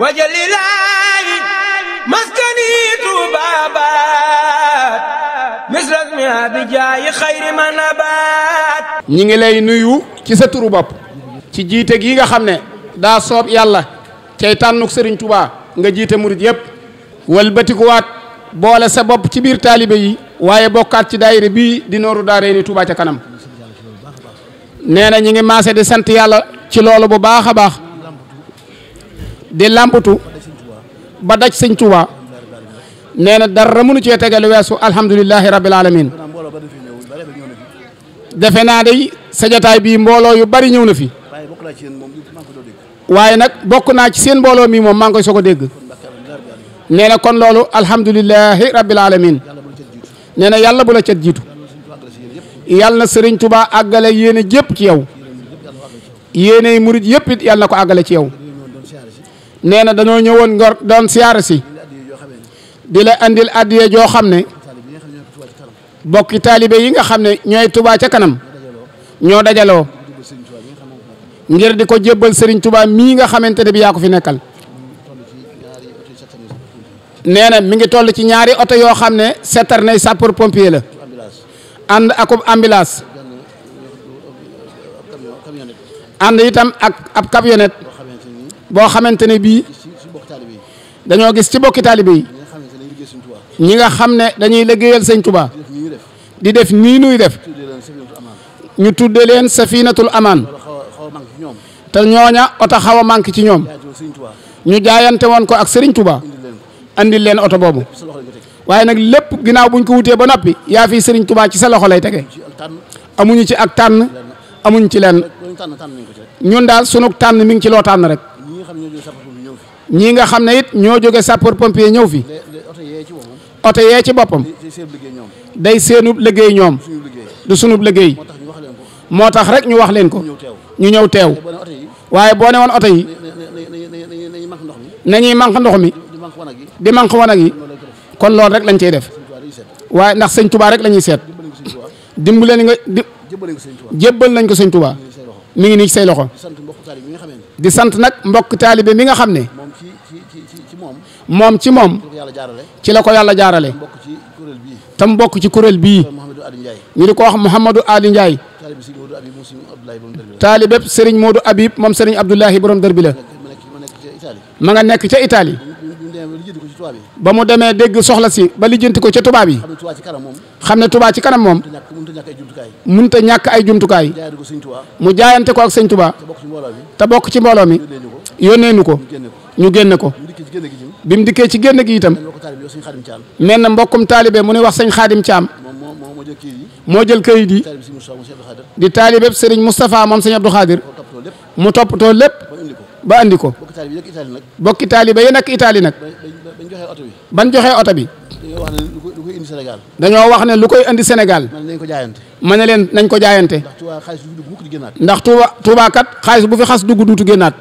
wajalilaayi maskani ñi ngi lay nuyu ci sa turu bopp ci jiite gi nga xam ne daa soob yàlla cay tànnuk sëriñ tubaa nga jiite murit yépp walbatikuwaat boole sa bopp ci biir taalibe yi waaye bokkaat ci daayira bii di nooru daaree ni tubaa ca kanam nee ñi ngi maase di sant yàlla ci loolu bu baax a baax di làmbatu ba daj sëñ Tuubaa nee na dara mënu cee tegal weesu alhamdulilahi rabbil alamin defe naa day sajataay bii mbooloo yu bari ñëw na fi waaye nag bokk naa ci seen mbooloo mii moom maa ngi koy soog a dégg nee na kon loolu alhamdulilahi rabbil alamin nee na yàlla bu la cat jiitu yàlla na sëriñ Tuubaa àggale yéene jëpp ci yow yéene yëpp yàlla ko àggale ci yow nee na dañoo ñëwoon ngor doon siyaare si di la andil addiye joo xam ne bokki taalibe yi nga xam ne ñooy tubaa ca kanam ñoo dajaloo ngir di ko jébbal Serigne Touba mii nga xamante ne bi yaa ko fi nekkal nee mi ngi toll ci ñaari oto yoo xam ne seetar nay sapeur pompier la ànd akub ambulance ànd itam ak ab camionnette boo xamante ne bii dañoo gis ci bokki taalibe yi ñi nga xam ne dañuy liggéeyal sëñ Tuubaa di def nii nuy def ñu tudde leen safinatul amaan te ñooña oto xaw a manqué ci ñoom ñu jaayante woon ko ak Serigne Touba andil leen oto boobu waaye nag lépp ginnaaw buñ ko wutee ba noppi yaa fi Serigne Touba ci sa loxo lay tege amuñu ci ak tànn amuñu ci lenn ñun daal sunu tànn mi ngi ci loo tànn rek ñi nga xam ne it ñoo jóge sapeur pompier ñëw fi. oto yee ci boppam. day seenub liggéey ñoom. du sunub liggéey. moo tax rek ñu wax leen ko. ñu ñëw teew. waaye boo ne woon oto yi. nañuy manq ndox mi. di manq wanag yi. kon loolu rek lañ cey def. waaye ndax sëñ rek la seet. dimbale ni nga jébbal nañ ko sëñ mi ngi nii ci say loxo. di sant nag mbokk taalibe mi nga xam ne. moom ci moom. moom ci moom. ci la ko yàlla jaarale. tam bokk ci kuréel bii. ñu di ko wax Mouhamadou Ali Ndiaye. taalibe moo Modou Habib moom Serigne Abdoulahi borom dër bi la. ma nga nekk ca Italie. ba mu demee dégg soxla si ba lijjanti ko ca tubaab yi. xam ne tubaa ci kanam moom. mënut a ñàkk ay jumtukaay. mu jaayante ko ak sëñ tubaa te bokk ci mbooloo mi. yónnee nu ko. ñu génne ko. bi mu dikkee ci génne gi itam. mel mbokkum taalibe mu ne wax sëñ xaadim Thiam. moo moom sëñ Abdou Khadir. mu toppatoo lépp. ba andi ko. bokki taaliba yi nekk Italie nag. bokki taaliba yi nekk Italie nag. joxee oto bi. bañ oto bi. dañoo wax ne lu koy indi Sénégal. wax ne lu koy indi Sénégal. ma ne nañ ko jaayante. ma ne leen nañ ko jaayante. ndax Touba xaalis bu fi dugg mukk di génnaat. ndax Touba Touba kat xaalis bu fi xas dugg duutu génnaat.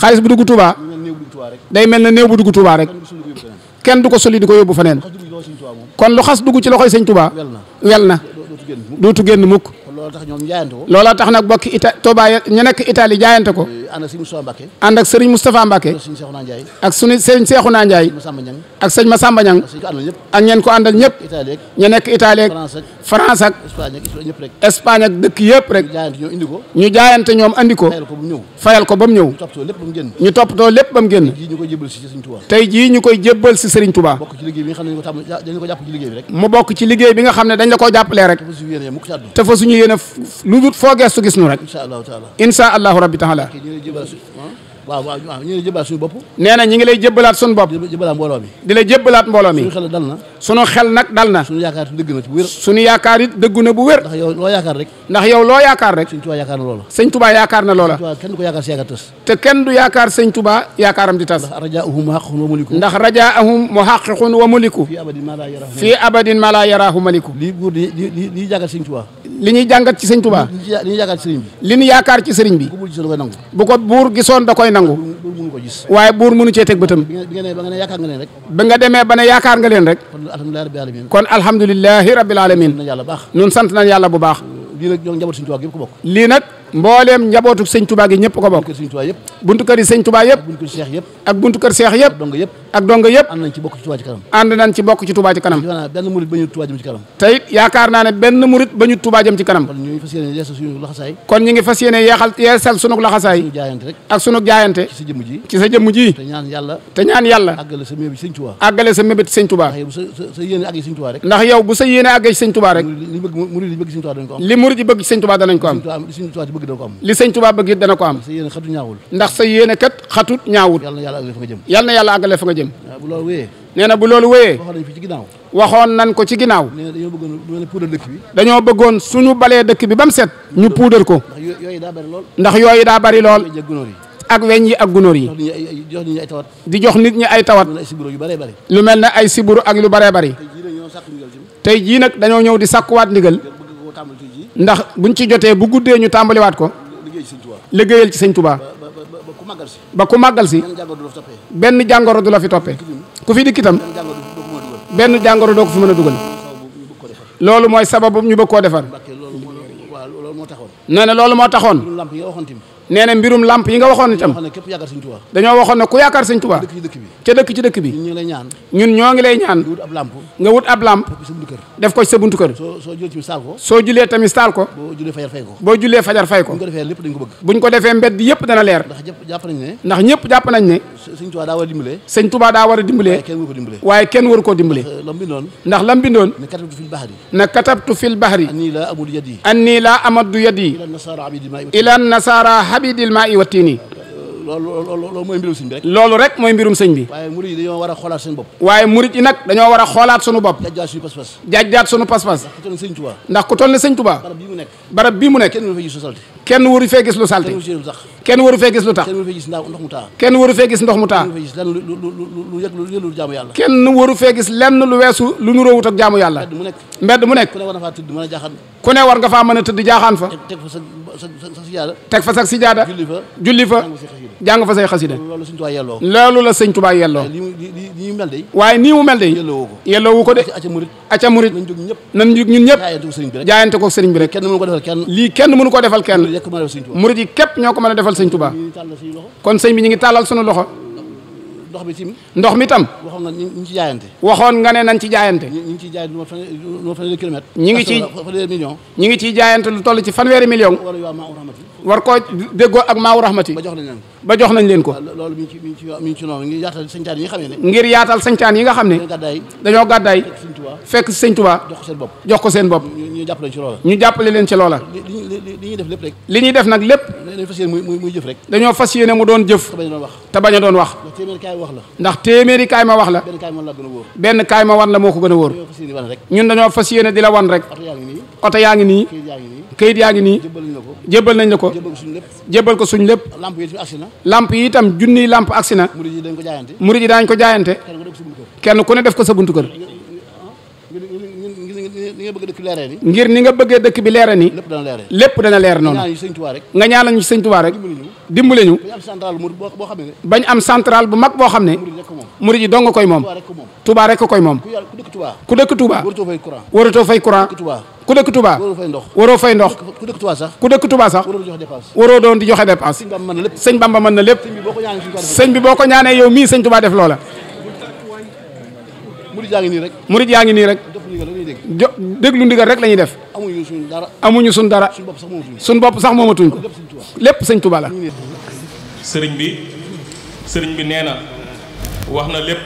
xaalis bu dugg Touba. day mel na néew bu dugg Touba rek. kenn du ko soli di ko yóbbu feneen. kon lu xas dugg ci loxoy sëñ Touba. wel na duutu génn mukk looloo tax nag bokki Ita Touba ñu nekk Italie jaayante ko ànd ak sëriñ Moustapha Mbacke ànd ak sëriñ Moustapha Mbacke ak suñu sëriñ Cheikhouna Ndiaye ak sëñ ak ñeen ko ànd ak ñëpp nekk Italie ak France dëkk yëpp rek ñu jaayante ñoom andi ko fayal ko ba mu ñëw ñu toppatoo lépp ba mu génn tey jii ñu koy jébbal si sëriñ Touba mu bokk ci liggéey bi nga xam ne dañ la koo jàppalee rek te fa suñu yéene lu dut foo gestu gis nu rek incha allahu rabbi taala jébal suñu waaw waaw waaw ñu nee na ñi ngi lay jébalaat suñu bopp jébalaat mbooloo mi di lay jébalaat mbooloo mi suñu xel na suñu xel nag dal na suñu yaakaar it dëgg na bu wér suñu yaakaar it ndax yow loo yaakaar rek ndax yow loo yaakaar rek sëñ Tuubaa yaakaar na loola sëñ Tuubaa yaakaar na loola kenn ko yaakaar si yaakaar tas te kenn du yaakaar sëñ Tuubaa yaakaaram di tas ndax rajaahum muhaqiqun wa muliku ndax rajaahum muhaqiqun wa muliku fii abadin ma la yaraahu maliku lii buur di di di jàngal sëñ Tuubaa li ñuy jàngat ci sëñ Touba. li ñuy yaakaar ci sëriñ bi. li ñu yaakaar ci sëriñ bi. bu ko buur gisoon da koy nangu. waaye buur mënu cee teg bëtam. ba nga demee ba ne yaakaar nga leen rek. kon alhamdulilahi rabbil alamin nun sant nañ yàlla bu baax. lii nag mbooleem njabootu sëñ Touba gi ñëpp ko bokk buntu kër sëñ Touba yëpp buntu kër yi ak buntu kër seex yëpp ak donga yëpp ànd nañ ci bokk ci Touba ci kanam ànd yaakaar naa benn murit bañu Touba jëm ci kanam kon ñu ngi fas yéene yeesal yeexal yeesal laxasaay ak sunu jaayante ci sa jëmm ji te ñaan yàlla àggale sa mébét sëñ Touba ndax yow bu sa yéene àggee sëñ Touba rek li murit yi bëgg sëñ Touba danañ ko am bëgg dana ko li sëñ Tuubaa bëgg it dana ko am sa yéene xatut ñaawul ndax sa yéene kat xatut ñaawut yàlla na yàlla àggale fa nga jëm yàlla na yàlla àggale fa nga jëm ah, bu loolu wéyee nee na bu loolu wéyee waxoon nañ ko ci ginnaaw na dañoo bëggoon puudar dëkk bi dañoo bëggoon balee dëkk bi ba mu set ñu puudar ko ndax yooyu daa bari lool ndax yooyu daa bari lool ak weñ yi ak gunóor yi di jox nit ñi ay tawat lu mel ne ay siburu ak lu baree bari tey jii dañoo ñëw di sàkkuwaat ndigal ndax buñ ci jotee bu guddee ñu tàmbaliwaat ko liggéeyal ci sëñ tubaa ba ku màggal si benn jàngoro du la fi toppe ku fi dikk itam benn jàngoro doo ko fi mën a dugal loolu mooy sababu ñu bëgg koo defar nee na loolu moo taxoon nee na mbirum lamp yi nga waxoon itam dañoo waxoon ne ku yaakaar sëñ Tuubaa ca dëkk ci dëkk bi ñun ñoo ngi lay ñaan nga wut ab lamp def ko ci sa buntu kër soo julee tamit taal ko boo julee fajar fay ko buñ ko defee mbedd yëpp dana leer ndax ñëpp jàpp nañ ne sëñ Touba daa war a dimbalee sëñ Touba daa war waaye kenn waru koo dimbalee eh, ndax lam bindoon ne fil bahri ne amadu yadi anni nasara habidil ma'i wa eh, loolu bi rek mooy mbirum sëñ bi waaye murid yi dañoo war a xoolaat seen bopp a xoolaat sunu bopp jaajjaat suñu pas sunu pas-pas ndax ku ne sëñ Touba barab bii nekk kenn waru fee gis lu salte kenn waru fee gis kenn waru fee gis ndox mu taa kenn waru fee gis ndox mu taa kenn waru fee gis lenn lu weesu lu nu róowut ak jaamu yàlla mbedd mu nekk ku ne war nga faa mën a tëdd jaaxaan fa teg fa sax si jaada julli fa jàng fa say xasida loolu la sëñ Tuubaa yelloo waaye nii mu mel de yelloowu ko de aca murit nan jóg ñun ñëpp jaayante ko sëriñ bi rek lii kenn mënu ko defal kenn murid yi képp ñoo ko mën a defal sëñ Tuubaa kon sëñ bi ñu ngi tàllal suñu loxo ndox mi tam waxoon nga ne nañ ci jaayante ñu ngi ciy jaayante lu mat ngi ci fanweeri million ñu ngi ciy jaayante lu toll ci fanweeri million war koo déggoo ak maawu rahmati ba jox nañ leen ko ba jox nañ leen ko loolu mi ngi ci mi ngir yaatal sañcaan yi jox ko seen bopp jox ko seen bopp ñu jàppale ci loola ñu jàppale leen ci loola li ñuy def lépp rek li ñuy def nag lépp dañoo fas yéene mu doon jëf te a doon wax ndax téeméeri kaay ma wax la benn kaay ma wan la moo ko gën a wóor ñun dañoo fas yéene di la wan rek oto yaa ngi nii kayit yaa ngi nii jébbal nañ la ko jébbal ko suñ lépp lamp yi itam junniy lamp agsi na murid yi dañ ko jaayante kenn ku ne def ko sa buntu kër nga bëgg dëkk bi leeree ni ngir ni nga bëggee dëkk bi leeree ni lépp dana leeree noonu nga ñaanal ñu sëñ Tuubaa rek dimbale bañ am central bu mag boo xam ne murid yi dong koy moom Tuubaa rek koy moom ku dëkk Tuubaa waratoo fay courant ku dëkk Touba waroo fay ndox ku dëkk Touba sax ku dëkk Touba sax waroo doon di joxe dépense sëñ Bamba mën na lépp sëñ bi boo ko ñaanee yow mii sëñ Touba def loola murid yaa ngi nii rek jo déglu ndigal rek la ñuy def. amuñu suñ dara. amuñu suñ dara. suñ bopp sax moomatuñ ko. lépp sëñ Tuubaa la. sëriñ bi sëriñ bi nee na wax na lépp.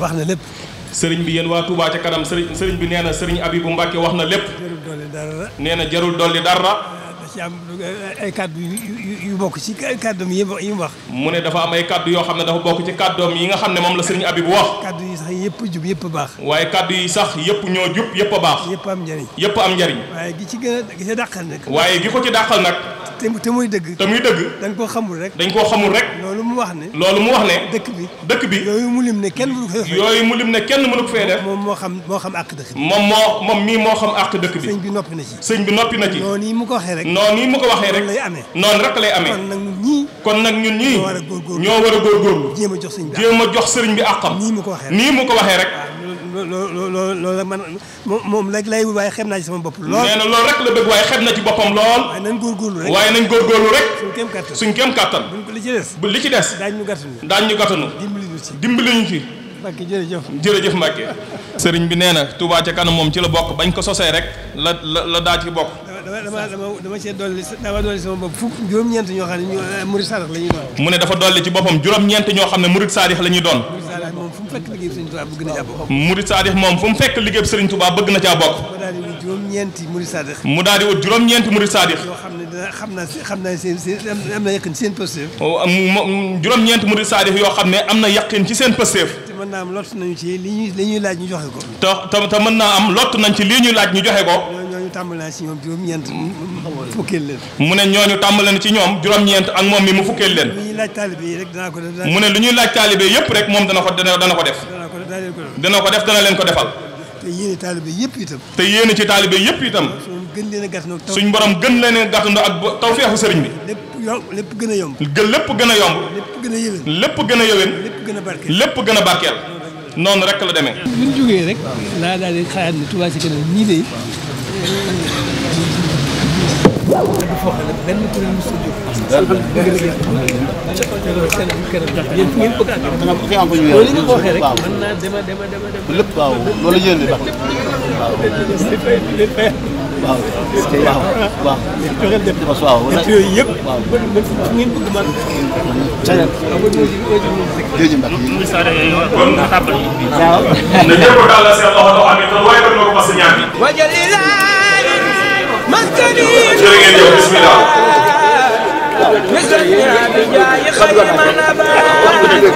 wax na lépp. sëriñ bi yéen waa Touba ca kanam sëriñ sëriñ bi nee na sëriñ Abibu Mbàkke wax na lépp. nee na jarul dolli dara. ci am ay eh, eh, kàddu yu bokk ci kàddoom yi mu wax. mu ne dafa am ay kàddu yoo xam ne dafa bokk ci kàddoom yi nga xam ne moom la sëriñ Habib wax. kàddu yi sax yëpp jub yëpp baax. waaye kàddu yi sax yëpp ñoo jub yëpp baax. yëpp am njariñ. yëpp am njariñ. waaye gi ci gën a gi ci dàqal nag. waaye gi ko ci dàqal nag. te te muy dëgg. te muy dëgg. dañ koo xamul rek. dañ koo xamul rek. loolu mu wax ne. loolu mu wax ne. dëkk bi dëkk bi. yooyu mu lim ne kenn mënu ko fee. yooyu mu kenn mënu ko def. moom moo xam moo xam àq dëkk bi. moom moo moom mii moo xam àq dëkk bi. sëñ bi noppi na ci. sëñ bi noppi na ci. noonu yi mu ko waxee rek. noonu yi mu ko waxee rek. lay amee. noonu rek lay amee. kon nag ñun ñii. kon nag ñun ñii. ñoo war a góorgóorlu ñoo war a góorgóorlu. jéem a jox sëriñ bi àqam. nii mu ko waxee rek loolu loolu man moom rek lay waaye xem naa ci sama bopp lool nee na loolu rek la bëgg waaye xem na ci boppam lool waaye nañ góorgóorlu rek waaye nañ góorgóorlu rek suñ kéem kattan suñ kem kattan bu li ci des bu li ci des daañ ñu gàttanu daañ ñu gàttanu dimbali ñu ci dimbali ñu ci Mbacke jërëjëf jërëjëf Mbacke sëriñ bi nee na Touba ca kanam moom ci la bokk bañ ko sosee rek la la daa ci bokk dama dama dolli sama bopp fukk juróom-ñeent ñoo xam ne eh, murid sarax la doon. mu ne moom fu mu fekk liggéey Sëriñ Tuubaa bëgg bëgg na caa bokk. mu daal wut juróom-ñeenti murid sarax. mu daal wut juróom-ñeenti murid sarax. Oh, yoo xam ne am na yaqin ci seen pësteef. juróom mën naa am lott nañu ci li ñuy laaj ñu joxe ko. te te mën naa am lott nañ ci lii ñuy laaj ñu joxe ko. tàmbali naa ci ñoom juróom-ñeent. fukkeel leen. mu ne ñooñu tàmbali na ci ñoom juróom-ñeent ak moom mi mu fukkeel leen. lu ñuy laaj taalibe yi rek danaa mu ne lu ñuy laaj taalibe yëpp rek moom dana ko dana ko def. dana ko def dana leen ko defal. te yéene taalibe yëpp itam. te yéene ci taalibe yëpp itam. suñ borom gën leen a gàttandoo ak tawfeexu sëriñ bi. lépp gën a yomb. gën lépp gën a yomb. lépp gën a yëwén. lépp gën a yëwén. gën a barkeel. lépp gën a barkeel. noonu rek la demee. bi ñu jógee rek. laa daal di xalaat ne Touba Ca Kanam nii dafa foo xam ne benn kuréel mos a jóg. daal daal daal daal daal daal daal daal jërë ngeen jëf bismillah